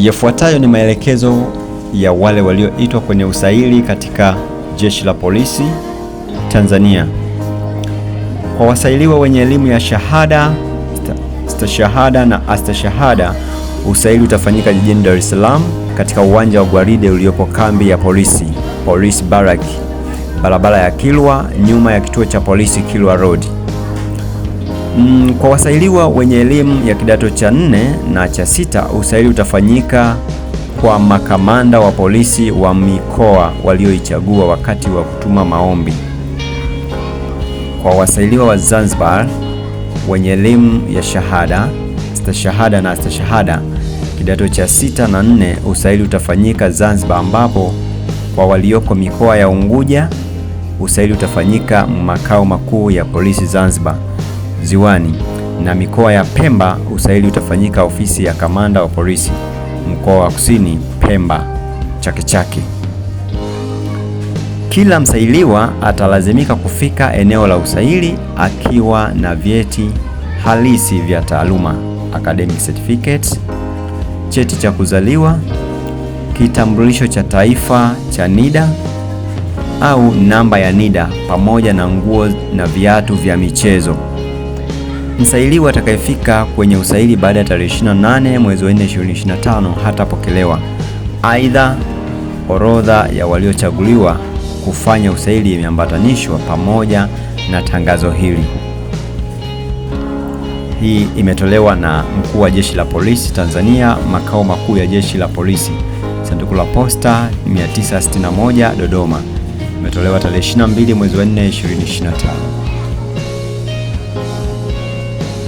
Yafuatayo ni maelekezo ya wale walioitwa kwenye usaili katika Jeshi la Polisi Tanzania. Kwa wasailiwa wenye elimu ya shahada, stashahada na astashahada, usaili utafanyika jijini Dar es Salaam katika uwanja wa gwaride uliopo kambi ya polisi Police Barrack, barabara ya Kilwa nyuma ya kituo cha polisi Kilwa Road. Mm, kwa wasailiwa wenye elimu ya kidato cha nne na cha sita usaili utafanyika kwa makamanda wa polisi wa mikoa walioichagua wakati wa kutuma maombi. Kwa wasailiwa wa Zanzibar wenye elimu ya shahada, stashahada na stashahada kidato cha sita na nne usaili utafanyika Zanzibar, ambapo kwa walioko mikoa ya Unguja usaili utafanyika makao makuu ya polisi Zanzibar ziwani na mikoa ya Pemba, usaili utafanyika ofisi ya kamanda wa polisi mkoa wa Kusini Pemba, Chake Chake. Kila msailiwa atalazimika kufika eneo la usaili akiwa na vyeti halisi vya taaluma, academic certificate, cheti cha kuzaliwa, kitambulisho cha taifa cha NIDA au namba ya NIDA pamoja na nguo na viatu vya michezo. Msailiwa atakayefika kwenye usaili baada ya tarehe 28 mwezi wa 4 2025 hatapokelewa. Aidha, orodha ya waliochaguliwa kufanya usaili imeambatanishwa pamoja na tangazo hili. Hii imetolewa na Mkuu wa Jeshi la Polisi Tanzania, Makao Makuu ya Jeshi la Polisi, Sanduku la Posta 961, Dodoma. Imetolewa tarehe 22 mwezi wa 4 2025.